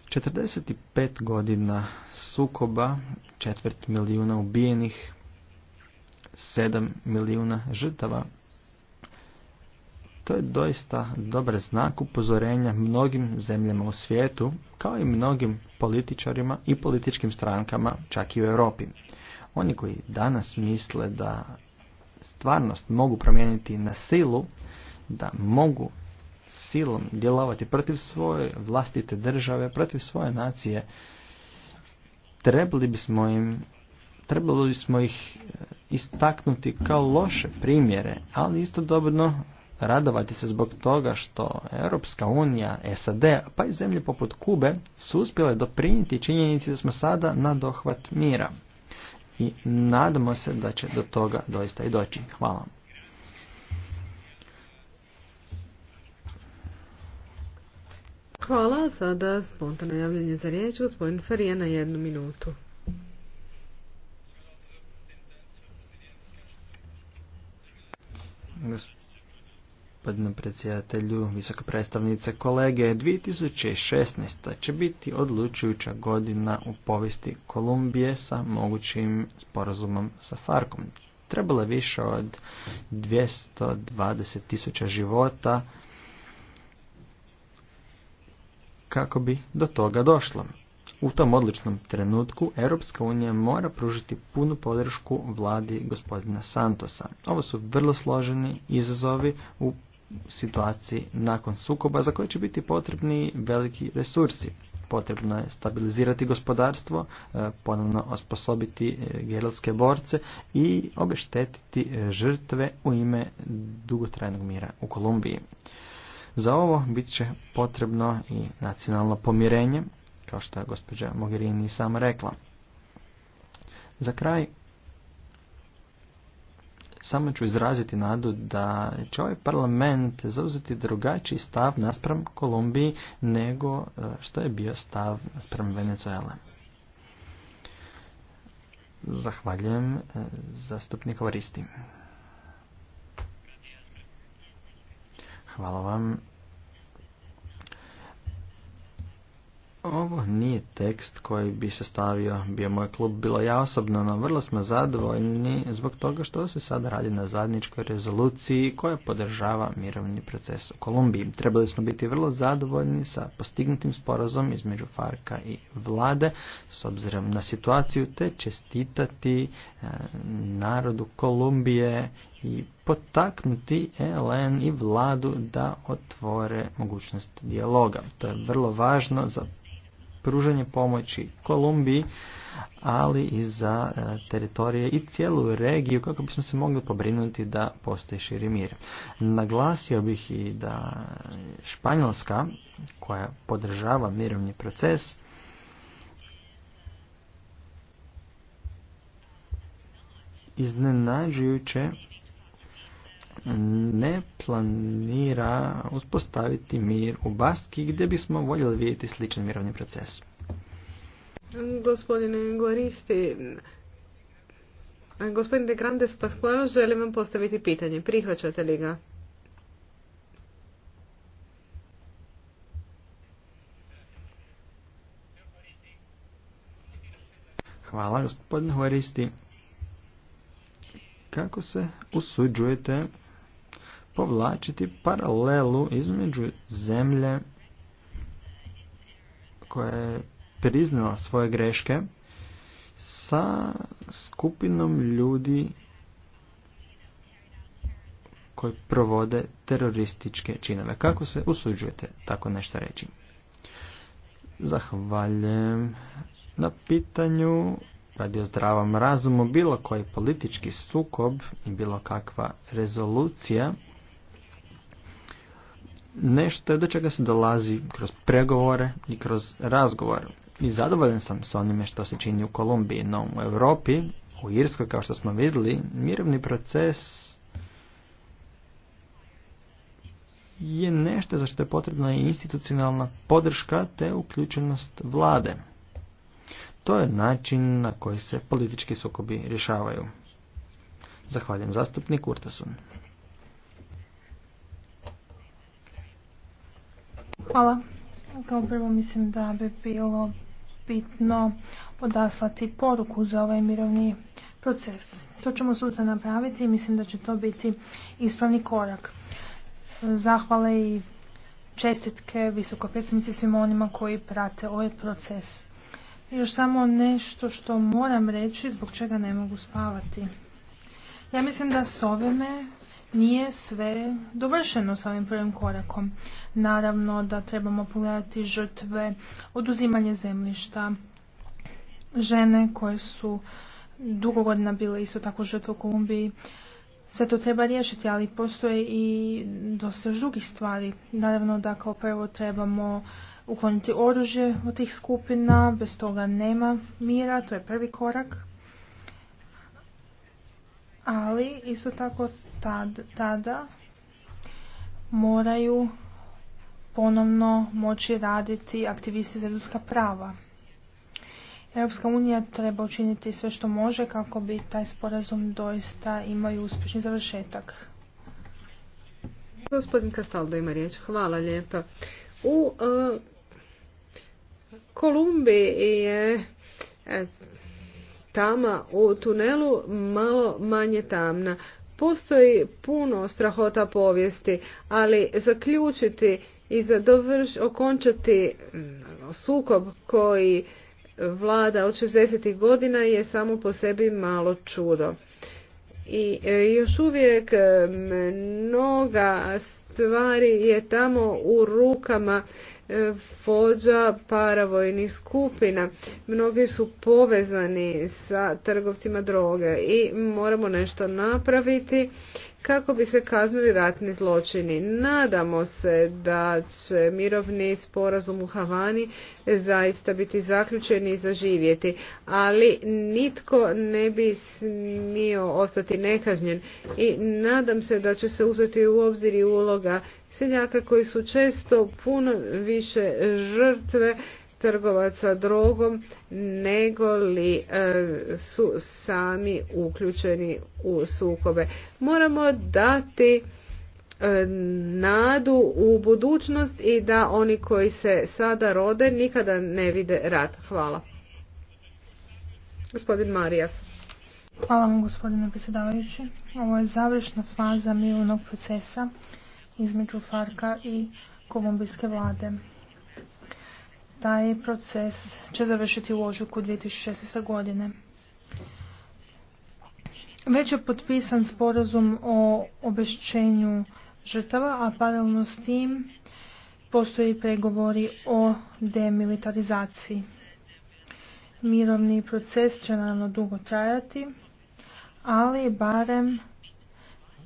45 godina sukoba, četvrt milijuna ubijenih, 7 milijuna žrtava. To je doista dobar znak upozorenja mnogim zemljama u svijetu, kao i mnogim političarima i političkim strankama, čak i u Europi. Oni koji danas misle da stvarnost mogu promijeniti na silu, da mogu silom djelovati protiv svoje vlastite države, protiv svoje nacije, trebali bismo im trebali bismo ih eh, istaknuti kao loše primjere, ali istodobno radovati se zbog toga što Europska unija, SAD, pa i zemlje poput Kube su uspjele doprinijeti činjenici da smo sada na dohvat mira. I nadamo se da će do toga doista i doći. Hvala. Hvala. Sada spontano javljanje za riječ. Gospodin Farija na jednu minutu. Gospodine predsjedatelju, visoka predstavnice kolege, 2016. će biti odlučujuća godina u povijesti Kolumbije sa mogućim sporazumom sa Farkom. Trebalo je više od 220 tisuća života, kako bi do toga došlo. U tom odličnom trenutku Europska unija mora pružiti punu podršku vladi gospodina Santosa. Ovo su vrlo složeni izazovi u situaciji nakon sukoba za koje će biti potrebni veliki resursi. Potrebno je stabilizirati gospodarstvo, e, ponovno osposobiti e, gerilske borce i obeštetiti e, žrtve u ime dugotrajnog mira u Kolumbiji. Za ovo bit će potrebno i nacionalno pomirenje, kao što je gospođa Mogherini sama rekla. Za kraj, samo ću izraziti nadu da će ovaj parlament zauzeti drugačiji stav naspram Kolumbiji nego e, što je bio stav naspram Venezuele. Zahvaljujem e, zastupnika Varisti. Hvala vam. Ovo nije tekst koji bi se stavio, bio moj klub, bilo ja osobno, no vrlo smo zadovoljni zbog toga što se sada radi na zadničkoj rezoluciji koja podržava mirovni proces u Kolumbiji. Trebali smo biti vrlo zadovoljni sa postignutim sporazom između Farka i vlade s obzirom na situaciju te čestitati e, narodu Kolumbije i potaknuti ELN i vladu da otvore mogućnost dijaloga. To je vrlo važno za pružanje pomoći Kolumbiji, ali i za e, teritorije i cijelu regiju kako bismo se mogli pobrinuti da postoji širi mir. Naglasio bih i da Španjolska, koja podržava mirovni proces, iznenađujuće ne planira uspostaviti mir u Baski gdje bismo voljeli vidjeti sličan mirovni proces. Gospodine Goristi, gospodin de Grandes Pascual, želim vam postaviti pitanje. Prihvaćate li ga? Hvala gospodine Goristi. Kako se usuđujete povlačiti paralelu između zemlje koja je priznala svoje greške sa skupinom ljudi koji provode terorističke činove. Kako se usuđujete tako nešto reći? Zahvaljujem na pitanju radi o zdravom razumu bilo koji politički sukob i bilo kakva rezolucija nešto je do čega se dolazi kroz pregovore i kroz razgovor. I zadovoljan sam s onime što se čini u Kolumbiji, no u Europi, u Irskoj kao što smo vidjeli, mirovni proces je nešto za što je potrebna i institucionalna podrška te uključenost vlade. To je način na koji se politički sukobi rješavaju. Zahvaljujem zastupnik Urtasun. Hvala. Kao prvo mislim da bi bilo bitno odaslati poruku za ovaj mirovni proces. To ćemo sutra napraviti i mislim da će to biti ispravni korak. Zahvale i čestitke visoko predstavnici svima onima koji prate ovaj proces. Još samo nešto što moram reći zbog čega ne mogu spavati. Ja mislim da s ovime nije sve dovršeno sa ovim prvim korakom. Naravno da trebamo pogledati žrtve, oduzimanje zemljišta, žene koje su dugogodna bile isto tako žrtve u Kolumbiji. Sve to treba riješiti, ali postoje i dosta drugih stvari. Naravno da kao prvo trebamo ukloniti oružje od tih skupina, bez toga nema mira, to je prvi korak. Ali isto tako tad, tada moraju ponovno moći raditi aktivisti za ljudska prava. Europska unija treba učiniti sve što može kako bi taj sporazum doista imao uspješni završetak. Gospodin Kastaldo ima riječ. Hvala lijepa. U e, Kolumbiji je e, tama u tunelu malo manje tamna. Postoji puno strahota povijesti, ali zaključiti i zadovrš, okončati mm, sukob koji vlada od 60. godina je samo po sebi malo čudo. I e, još uvijek e, mnoga stvari je tamo u rukama vođa paravojnih skupina. Mnogi su povezani sa trgovcima droge i moramo nešto napraviti kako bi se kaznili ratni zločini. Nadamo se da će mirovni sporazum u Havani zaista biti zaključen i zaživjeti, ali nitko ne bi smio ostati nekažnjen i nadam se da će se uzeti u obzir i uloga seljaka koji su često puno više žrtve trgovaca drogom nego li e, su sami uključeni u sukobe. Moramo dati e, nadu u budućnost i da oni koji se sada rode nikada ne vide rat. Hvala. Gospodin Marijas. Hvala vam gospodine predsjedavajući. Ovo je završna faza mirovnog procesa između Farka i kolumbijske vlade. Taj proces će završiti u ožujku 2016. godine. Već je potpisan sporazum o obešćenju žrtava, a paralelno s tim postoji pregovori o demilitarizaciji. Mirovni proces će naravno dugo trajati, ali barem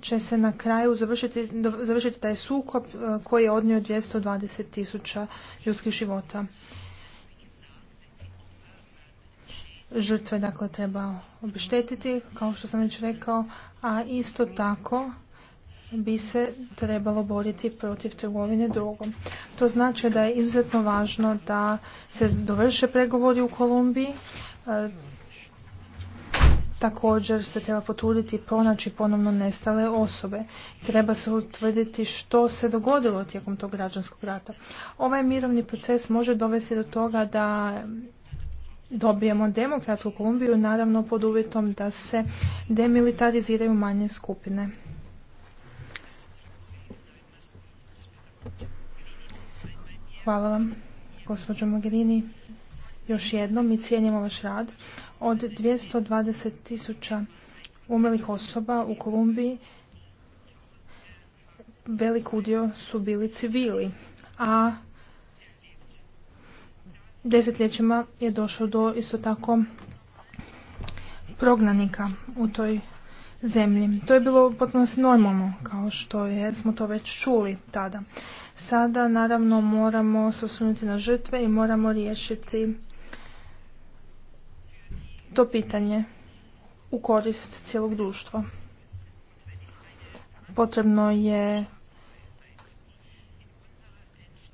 će se na kraju završiti, završiti taj sukob e, koji je odnio 220 tisuća ljudskih života. Žrtve dakle treba obeštetiti, kao što sam već rekao, a isto tako bi se trebalo boriti protiv trgovine drugom. To znači da je izuzetno važno da se dovrše pregovori u Kolumbiji, e, Također se treba potruditi pronaći ponovno nestale osobe. Treba se utvrditi što se dogodilo tijekom tog građanskog rata. Ovaj mirovni proces može dovesti do toga da dobijemo demokratsku Kolumbiju, naravno pod uvjetom da se demilitariziraju manje skupine. Hvala vam, gospođo Mogherini. Još jednom mi cijenimo vaš rad od 220 tisuća umelih osoba u Kolumbiji velik udio su bili civili, a desetljećima je došlo do isto tako prognanika u toj zemlji. To je bilo potpuno normalno, kao što je, smo to već čuli tada. Sada, naravno, moramo se na žrtve i moramo riješiti to pitanje u korist cijelog društva. Potrebno je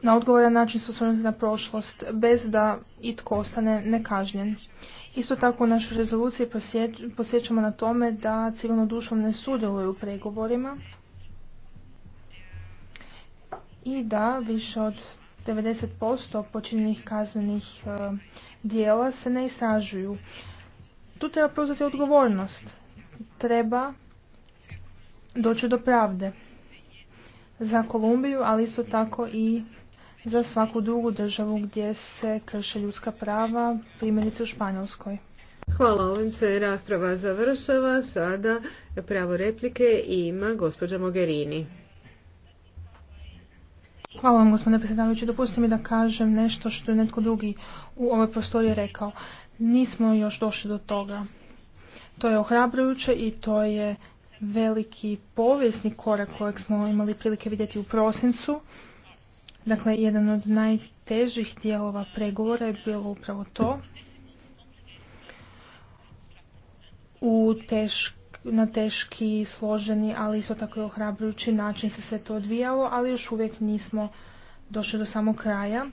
na odgovoran način se osvrnuti na prošlost bez da itko ostane nekažnjen. Isto tako u našoj rezoluciji posjećamo na tome da civilno društvo ne sudjeluje u pregovorima i da više od 90% počinjenih kaznenih eh, dijela se ne istražuju. Tu treba preuzeti odgovornost. Treba doći do pravde za Kolumbiju, ali isto tako i za svaku drugu državu gdje se krše ljudska prava, primjerice u Španjolskoj. Hvala, ovim se rasprava završava. Sada pravo replike ima gospođa Mogherini. Hvala vam, gospodine predsjedavajući. Dopustite mi da kažem nešto što je netko drugi u ovoj prostoriji rekao nismo još došli do toga. To je ohrabrujuće i to je veliki povijesni korak kojeg smo imali prilike vidjeti u prosincu. Dakle, jedan od najtežih dijelova pregovora je bilo upravo to. U na teški, složeni, ali isto tako i ohrabrujući način se sve to odvijalo, ali još uvijek nismo došli do samog kraja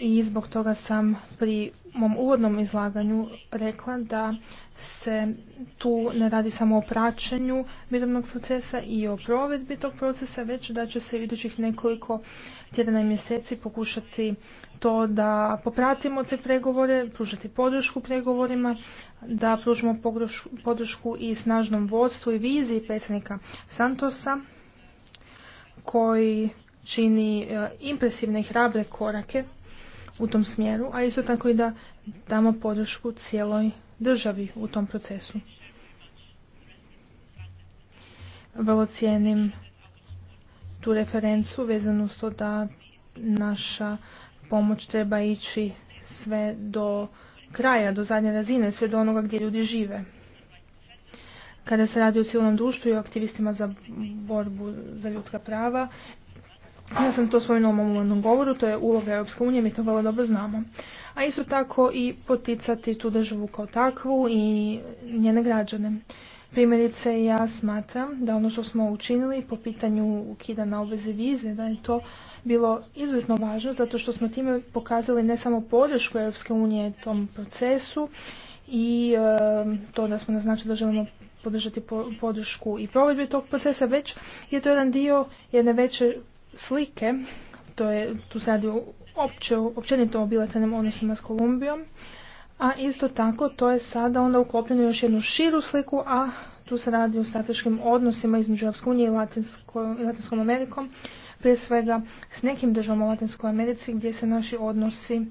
i zbog toga sam pri mom uvodnom izlaganju rekla da se tu ne radi samo o praćenju mirovnog procesa i o provedbi tog procesa, već da će se u idućih nekoliko tjedana i mjeseci pokušati to da popratimo te pregovore, pružati podršku pregovorima, da pružimo podršku i snažnom vodstvu i viziji predsjednika Santosa koji čini e, impresivne i hrabre korake u tom smjeru, a isto tako i da damo podršku cijeloj državi u tom procesu. Vrlo cijenim tu referencu vezanu s to da naša pomoć treba ići sve do kraja, do zadnje razine, sve do onoga gdje ljudi žive. Kada se radi o civilnom društvu i o aktivistima za borbu za ljudska prava, ja sam to spomenula u mom uvodnom govoru, to je uloga Europske unije, mi to vrlo dobro znamo. A isto tako i poticati tu državu kao takvu i njene građane. Primjerice, ja smatram da ono što smo učinili po pitanju na obveze vize, da je to bilo izuzetno važno, zato što smo time pokazali ne samo podršku Europske unije tom procesu i to da smo naznačili da želimo podržati podršku i provedbe tog procesa, već je to jedan dio jedne veće slike, to je, tu se radi opće, općenito o bilateralnim odnosima s Kolumbijom, a isto tako to je sada onda ukopljeno još jednu širu sliku, a tu se radi o strateškim odnosima između Europske unije i, i Latinskom Amerikom, prije svega s nekim državama u Latinskoj Americi gdje se naši odnosi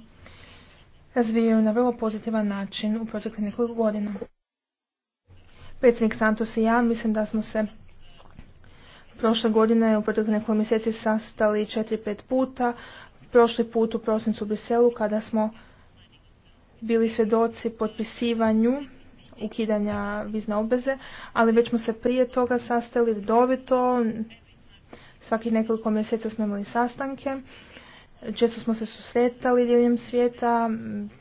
razvijaju na vrlo pozitivan način u proteklih nekoliko godina. Predsjednik Santos i ja mislim da smo se prošle godine u proteklih nekoliko mjeseci sastali četiri, pet puta. Prošli put u prosincu u Briselu kada smo bili svjedoci potpisivanju ukidanja vizne obveze, ali već smo se prije toga sastali redovito, svakih nekoliko mjeseca smo imali sastanke, često smo se susretali diljem svijeta,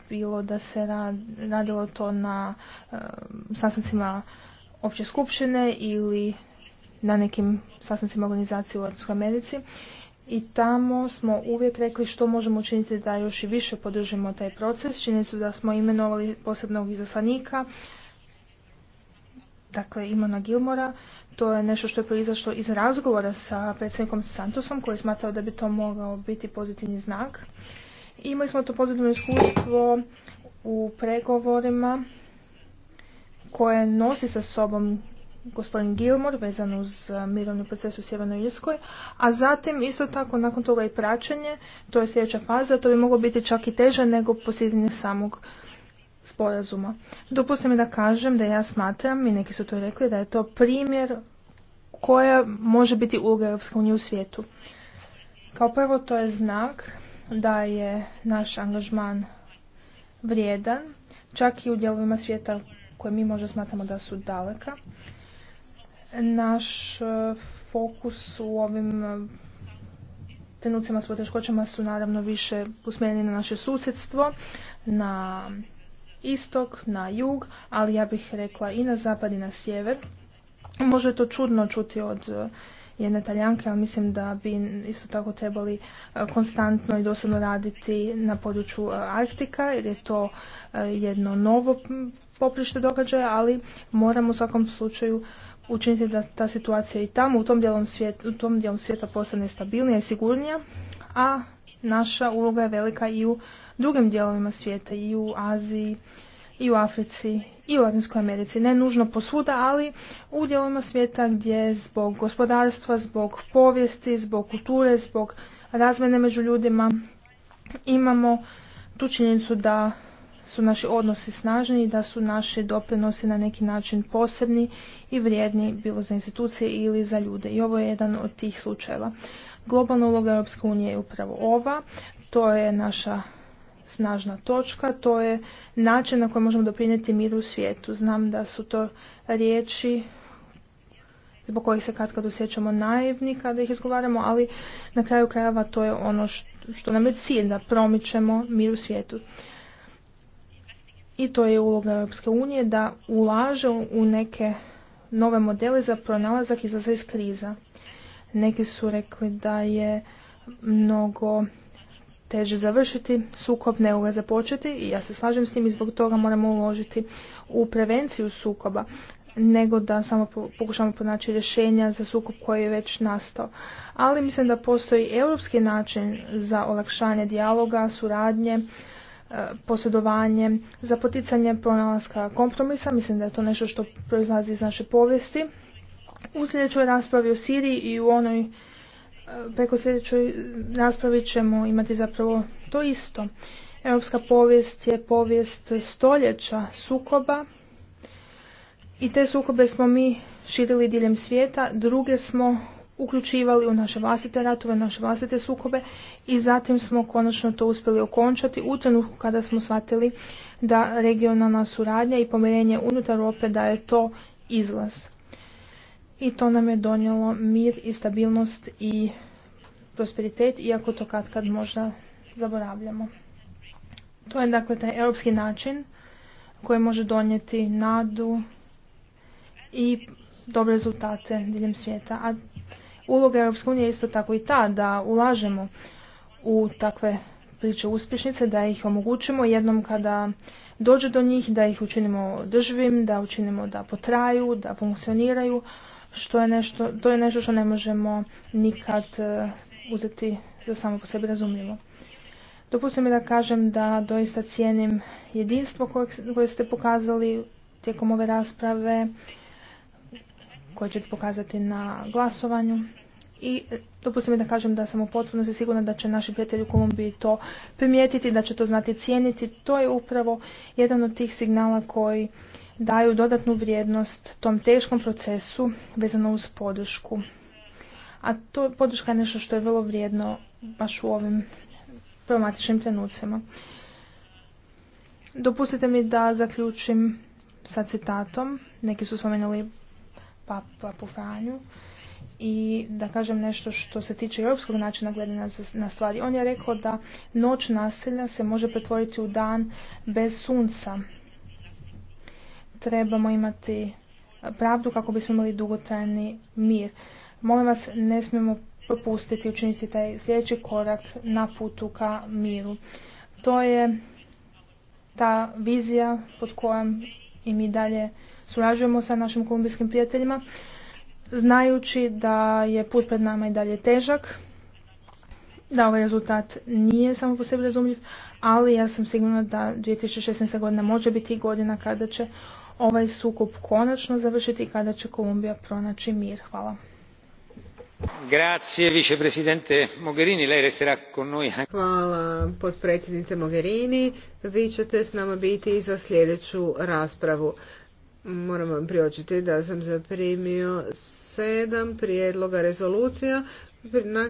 bilo da se radilo to na eh, sastancima opće skupštine ili na nekim sastancima organizacije u Latinskoj Americi i tamo smo uvijek rekli što možemo učiniti da još i više podržimo taj proces. Čini su da smo imenovali posebnog izaslanika, dakle Imona Gilmora. To je nešto što je proizašlo iz razgovora sa predsjednikom Santosom koji je smatrao da bi to mogao biti pozitivni znak. imali smo to pozitivno iskustvo u pregovorima koje nosi sa sobom gospodin Gilmor, vezan uz e, mirovni proces u Sjevernoj Irskoj, a zatim isto tako nakon toga i praćenje, to je sljedeća faza, to bi moglo biti čak i teže nego posljednje samog sporazuma. Dopusti mi da kažem da ja smatram, i neki su to rekli, da je to primjer koja može biti uloga Europske unije u svijetu. Kao prvo to je znak da je naš angažman vrijedan, čak i u dijelovima svijeta koje mi možda smatramo da su daleka. Naš e, fokus u ovim e, trenucima s poteškoćama su naravno više usmjereni na naše susjedstvo, na istok, na jug, ali ja bih rekla i na zapad i na sjever. Može to čudno čuti od e, jedne Talijanke, ali mislim da bi isto tako trebali konstantno i dosadno raditi na području Arktika, jer je to jedno novo poprište događaja, ali moramo u svakom slučaju učiniti da ta situacija i tamo u tom dijelu svijeta, u tom dijelu svijeta postane stabilnija i sigurnija, a naša uloga je velika i u drugim dijelovima svijeta, i u Aziji, i u Africi, i u Latinskoj Americi. Ne nužno posvuda, ali u dijelovima svijeta gdje zbog gospodarstva, zbog povijesti, zbog kulture, zbog razmjene među ljudima imamo tu činjenicu da su naši odnosi snažni i da su naši doprinosi na neki način posebni i vrijedni bilo za institucije ili za ljude. I ovo je jedan od tih slučajeva. Globalna uloga Europske unije je upravo ova. To je naša snažna točka, to je način na koji možemo doprinijeti miru u svijetu. Znam da su to riječi zbog kojih se kad kad osjećamo naivni kada ih izgovaramo, ali na kraju krajeva to je ono što nam je cilj da promičemo mir u svijetu i to je uloga Europske unije da ulaže u neke nove modele za pronalazak izlaza iz kriza. Neki su rekli da je mnogo teže završiti, sukob nego ga započeti i ja se slažem s tim i zbog toga moramo uložiti u prevenciju sukoba nego da samo pokušamo pronaći rješenja za sukob koji je već nastao. Ali mislim da postoji europski način za olakšanje dijaloga, suradnje, E, posjedovanje, za poticanje pronalaska kompromisa. Mislim da je to nešto što proizlazi iz naše povijesti. U sljedećoj raspravi u Siriji i u onoj e, preko sljedećoj raspravi ćemo imati zapravo to isto. Europska povijest je povijest stoljeća sukoba i te sukobe smo mi širili diljem svijeta, druge smo uključivali u naše vlastite ratove, naše vlastite sukobe i zatim smo konačno to uspjeli okončati u trenutku kada smo shvatili da regionalna suradnja i pomirenje unutar Europe da je to izlaz. I to nam je donijelo mir i stabilnost i prosperitet, iako to kad kad možda zaboravljamo. To je dakle taj europski način koji može donijeti nadu i dobre rezultate diljem svijeta. A uloga Europske unije je isto tako i ta da ulažemo u takve priče uspješnice, da ih omogućimo jednom kada dođe do njih, da ih učinimo drživim, da učinimo da potraju, da funkcioniraju, što je nešto, to je nešto što ne možemo nikad e, uzeti za samo po sebi razumljivo. Dopustite mi da kažem da doista cijenim jedinstvo koje ste pokazali tijekom ove rasprave, koje ćete pokazati na glasovanju. I e, dopustite mi da kažem da sam u potpunosti sigurna da će naši prijatelji u Kolumbiji to primijetiti, da će to znati cijeniti. To je upravo jedan od tih signala koji daju dodatnu vrijednost tom teškom procesu vezano uz podršku. A to podrška je nešto što je vrlo vrijedno baš u ovim problematičnim trenucima. Dopustite mi da zaključim sa citatom. Neki su spomenuli pa, pa Franju i da kažem nešto što se tiče europskog načina gledanja na stvari. On je rekao da noć nasilja se može pretvoriti u dan bez sunca. Trebamo imati pravdu kako bismo imali dugotrajni mir. Molim vas, ne smijemo propustiti učiniti taj sljedeći korak na putu ka miru. To je ta vizija pod kojom i mi dalje surađujemo sa našim kolumbijskim prijateljima, znajući da je put pred nama i dalje težak, da ovaj rezultat nije samo po sebi razumljiv, ali ja sam sigurna da 2016. godina može biti godina kada će ovaj sukob konačno završiti i kada će Kolumbija pronaći mir. Hvala. Grazie, Mogherini. Lei resterà con noi. Hvala, potpredsjednice Mogherini. Vi ćete s nama biti i za sljedeću raspravu. Moram vam priočiti da sam zaprimio sedam prijedloga rezolucija na